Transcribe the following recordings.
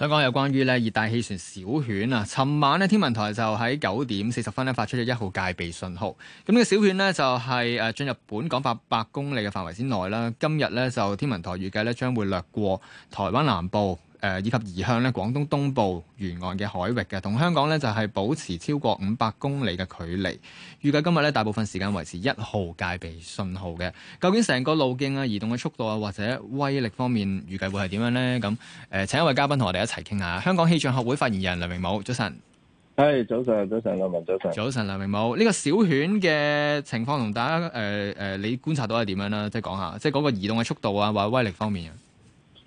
香港有關於咧熱帶氣旋小犬啊，尋晚咧天文台就喺九點四十分咧發出咗一號戒備信號。咁呢個小犬咧就係誒進入本港八百公里嘅範圍之內啦。今日咧就天文台預計咧將會掠過台灣南部。誒以及移向咧廣東東部沿岸嘅海域嘅，同香港呢就係保持超過五百公里嘅距離。預計今日呢大部分時間維持一號戒備信號嘅。究竟成個路徑啊，移動嘅速度啊或者威力方面預計會係點樣呢？咁誒，請一位嘉賓同我哋一齊傾下。香港氣象學會發言人梁榮武，早晨。早晨，早晨，早晨。早晨，梁榮武，呢個小犬嘅情況同大家誒誒，你觀察到係點樣啦？即係講下，即係嗰個移動嘅速度啊，或者威力方面。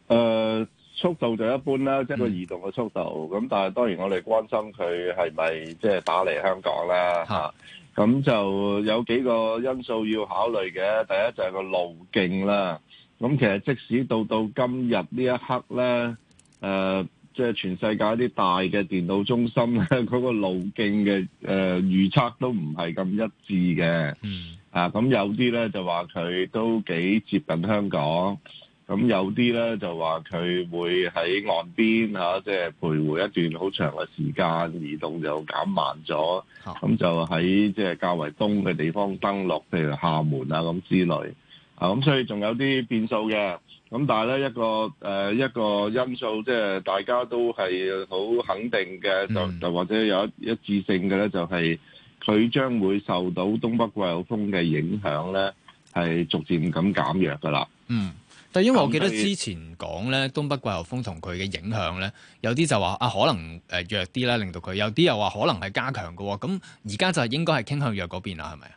誒。速度就一般啦，即係個移動嘅速度。咁但係當然我哋關心佢係咪即係打嚟香港啦嚇。咁就有幾個因素要考慮嘅。第一就係個路徑啦。咁其實即使到到今日呢一刻咧，誒即係全世界一啲大嘅電腦中心咧，嗰個路徑嘅誒預測都唔係咁一致嘅。嗯。啊，咁有啲咧就話佢都幾接近香港。咁有啲咧就話佢會喺岸邊吓，即係徘徊一段好長嘅時間，移動就減慢咗。咁就喺即係較為東嘅地方登陸，譬如廈門啊咁之類。啊，咁所以仲有啲變數嘅。咁但係咧一個誒一個因素，即係大家都係好肯定嘅，就就或者有一一致性嘅咧，就係佢將會受到東北季候風嘅影響咧，係逐漸咁減弱㗎喇。嗯。但係因為我記得之前講咧，是東北季候風同佢嘅影響咧，有啲就話啊，可能誒弱啲啦，令到佢有啲又話可能係加強嘅喎。咁而家就係應該係傾向弱嗰邊啦，係咪啊？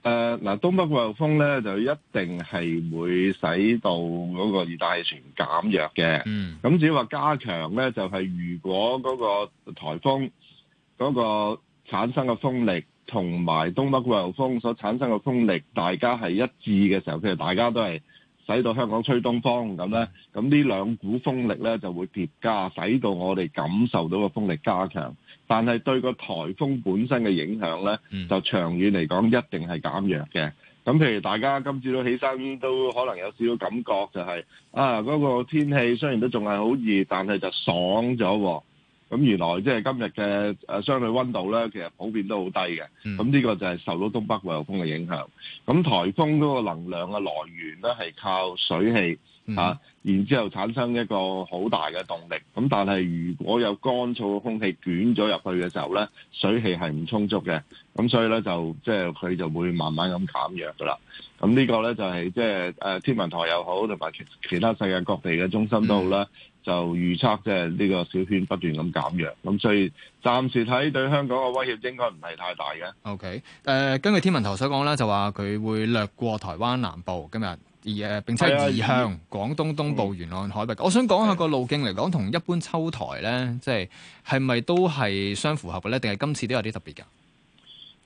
誒嗱、呃，東北季候風咧就一定係會使到嗰個熱帶氣旋減弱嘅。嗯。咁至於話加強咧，就係、是、如果嗰個颱風嗰個產生嘅風力，同埋東北季候風所產生嘅風力，大家係一致嘅時候，其實大家都係。使到香港吹東風咁咧，咁呢兩股風力咧就會疊加，使到我哋感受到個風力加強。但係對個颱風本身嘅影響咧，就長遠嚟講一定係減弱嘅。咁譬如大家今朝早起身都可能有少少感覺就係、是、啊，嗰、那個天氣雖然都仲係好熱，但係就爽咗喎。咁原來即係今日嘅誒相對溫度咧，其實普遍都好低嘅。咁呢、嗯、個就係受到東北季候風嘅影響。咁颱風嗰個能量嘅來源咧，係靠水氣。啊！嗯、然之後產生一個好大嘅動力，咁但係如果有乾燥嘅空氣捲咗入去嘅時候咧，水氣係唔充足嘅，咁所以咧就即係佢就會慢慢咁減弱㗎喇。咁、這、呢個咧就係即係誒天文台又好，同埋其其他世界各地嘅中心都好咧、嗯，就預測即係呢個小犬不斷咁減弱。咁所以暫時睇對香港嘅威脅應該唔係太大嘅。OK，誒、呃、根據天文台所講咧，就話佢會掠過台灣南部今日。而誒，並且移向廣東東部沿岸海域，我想講下個路徑嚟講，同一般秋台咧，即係係咪都係相符合嘅咧？定係今次都有啲特別㗎？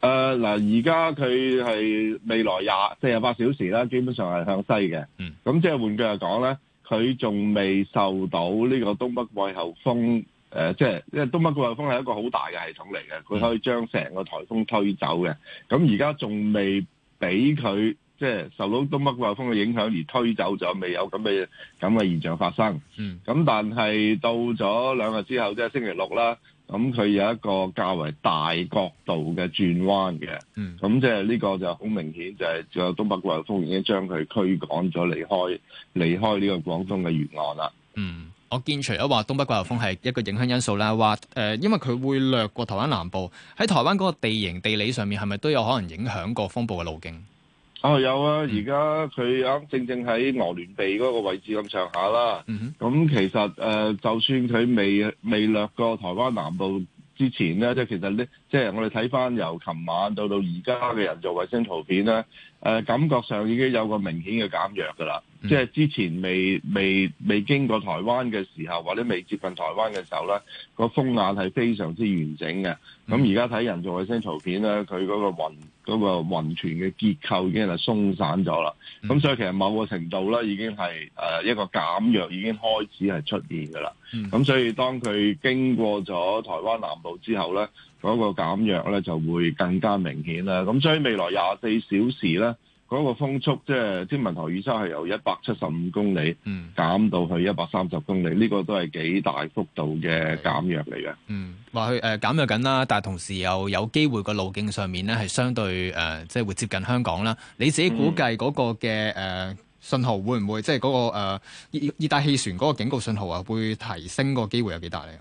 誒嗱，而家佢係未來廿四廿八小時啦，基本上係向西嘅。嗯，咁即係換句話講咧，佢仲未受到呢個東北季候風誒，即係因為東北季候風係一個好大嘅系統嚟嘅，佢可以將成個颱風推走嘅。咁而家仲未俾佢。即係受到東北季候風嘅影響而推走咗，未有咁嘅咁嘅現象發生。咁、嗯、但係到咗兩日之後，即係星期六啦。咁佢有一個較為大角度嘅轉彎嘅。咁、嗯、即係呢個顯就好明顯，就係仲有東北季候風已經將佢驅趕咗離開離開呢個廣東嘅沿岸啦。嗯，我見除咗話東北季候風係一個影響因素啦，話誒、呃，因為佢會掠過台灣南部，喺台灣嗰個地形地理上面，係咪都有可能影響過風暴嘅路徑？啊、哦、有啊，而家佢啱正正喺鵝鑾鼻嗰個位置咁上下啦。咁、嗯、哼其實誒、呃，就算佢未未掠過台灣南部之前咧，即係其實咧，即係我哋睇翻由琴晚到到而家嘅人造衛星圖片咧。誒、呃、感覺上已經有個明顯嘅減弱㗎啦，嗯、即係之前未未未經過台灣嘅時候，或者未接近台灣嘅時候咧，個風眼係非常之完整嘅。咁而家睇人造衛星圖片咧，佢嗰個雲嗰個雲團嘅結構已經係鬆散咗啦。咁、嗯嗯、所以其實某個程度咧，已經係誒、呃、一個減弱已經開始係出現㗎啦。咁所以當佢經過咗台灣南部之後咧，嗰個減弱咧就會更加明顯啦。咁所以未來廿四小時咧，嗰個風速即係天文台預測係由一百七十五公里嗯，減到去一百三十公里，呢個都係幾大幅度嘅減弱嚟嘅。嗯，話去誒減弱緊啦，但係同時又有機會個路徑上面咧係相對誒，即係會接近香港啦。你自己估計嗰個嘅誒信號會唔會即係嗰個誒熱熱帶氣旋嗰個警告信號啊，會提升個機會有幾大咧？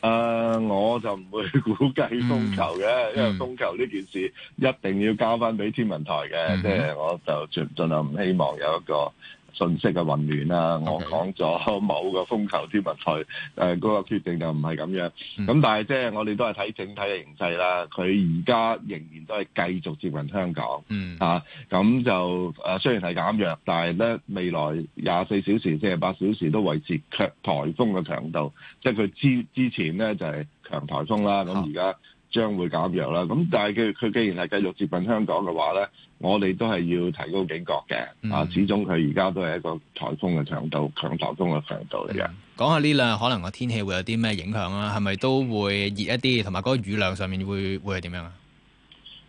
啊！Uh, 我就唔會估計風球嘅，mm hmm. 因為風球呢件事一定要交翻俾天文台嘅，即係、mm hmm. 我就盡盡量唔希望有一個。信息嘅混亂啦、啊，Okay. 我講咗某個風球天文台，誒、呃、嗰、那個決定就唔係咁樣。咁、mm. 但係即係我哋都係睇整體嘅形勢啦。佢而家仍然都係繼續接近香港，mm. 啊，咁就誒、啊、雖然係減弱，但係咧未來廿四小時、四十八小時都維持強颱風嘅強度，即係佢之之前咧就係強颱風啦。咁而家。將會減弱啦，咁但係佢佢既然係繼續接近香港嘅話咧，我哋都係要提高警覺嘅。啊、嗯，始終佢而家都係一個颱風嘅強度、強颱風嘅強度嚟嘅。講下呢兩日可能個天氣會有啲咩影響啊？係咪都會熱一啲，同埋嗰個雨量上面會會係點樣啊？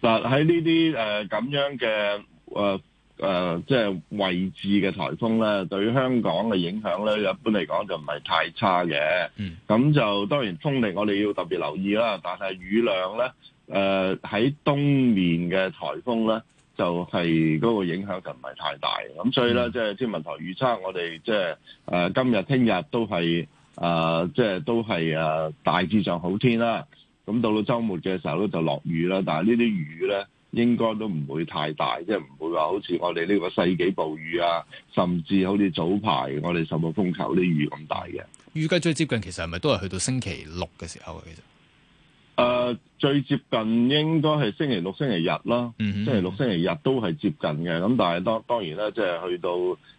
嗱，喺呢啲誒咁樣嘅誒。呃誒、呃，即係位置嘅颱風咧，對於香港嘅影響咧，一般嚟講就唔係太差嘅。咁、嗯、就當然風力我哋要特別留意啦，但係雨量咧，誒喺東面嘅颱風咧，就係、是、嗰、那個影響就唔係太大。咁所以咧、嗯，即係、呃、天文台預測我哋即係誒今日、聽日都係誒、呃，即係都係誒、呃、大致上好天啦。咁到到周末嘅時候咧，就落雨啦。但係呢啲雨咧。應該都唔會太大，即係唔會話好似我哋呢個世紀暴雨啊，甚至好似早排我哋十號風球啲雨咁大嘅。預計最接近其實係咪都係去到星期六嘅時候啊？其實，誒，最接近應該係星期六、星期日啦。嗯嗯，星期六、星期日都係接近嘅。咁但係當當然啦，即係去到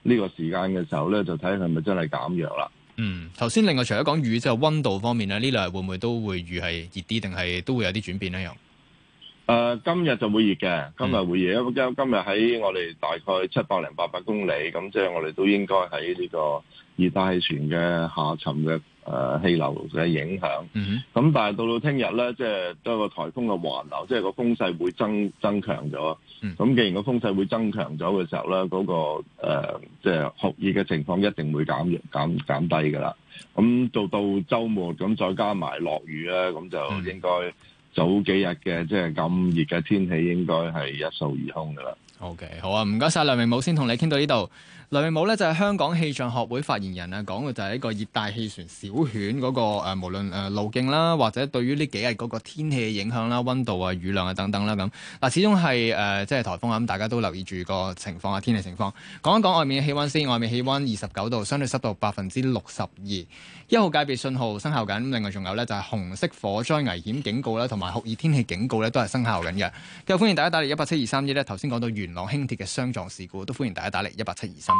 呢個時間嘅時候咧，就睇係咪真係減弱啦。嗯，頭先另外除咗講雨就溫度方面咧，呢兩日會唔會都會雨係熱啲，定係都會有啲轉變咧？又？誒、呃、今日就會熱嘅，今日會熱。嗯、因今今日喺我哋大概七百零八百公里，咁即係我哋都應該喺呢個熱帶氣旋嘅下沉嘅誒、呃、氣流嘅影響。咁、嗯嗯、但係到到聽日咧，即係一個颱風嘅環流，即、就、係、是、個風勢會增增強咗。咁既然個風勢會增強咗嘅時候咧，嗰、那個即係酷熱嘅情況一定會減弱、減減低㗎啦。咁到到週末，咁再加埋落雨咧，咁就應該。嗯嗯早幾日嘅，即係咁熱嘅天氣，應該係一掃而空噶啦。OK，好啊，唔該晒梁榮武，先同你傾到呢度。梁榮武呢，就係香港氣象學會發言人啊，講嘅就係一個熱帶氣旋小犬嗰、那個誒、呃、無論路徑啦，或者對於呢幾日嗰個天氣影響啦、溫度啊、雨量啊等等啦。咁嗱，始終係誒、呃、即係颱風啊，咁大家都留意住個情況啊，天氣情況講一講外面嘅氣温先，外面氣温二十九度，相對濕度百分之六十二，一號戒備信號生效緊，另外仲有呢，就係紅色火災危險警告啦，同埋酷熱天氣警告呢都係生效緊嘅。咁歡迎大家打嚟一八七二三一，呢頭先講到元朗輕鐵嘅相撞事故，都歡迎大家打嚟一八七二三。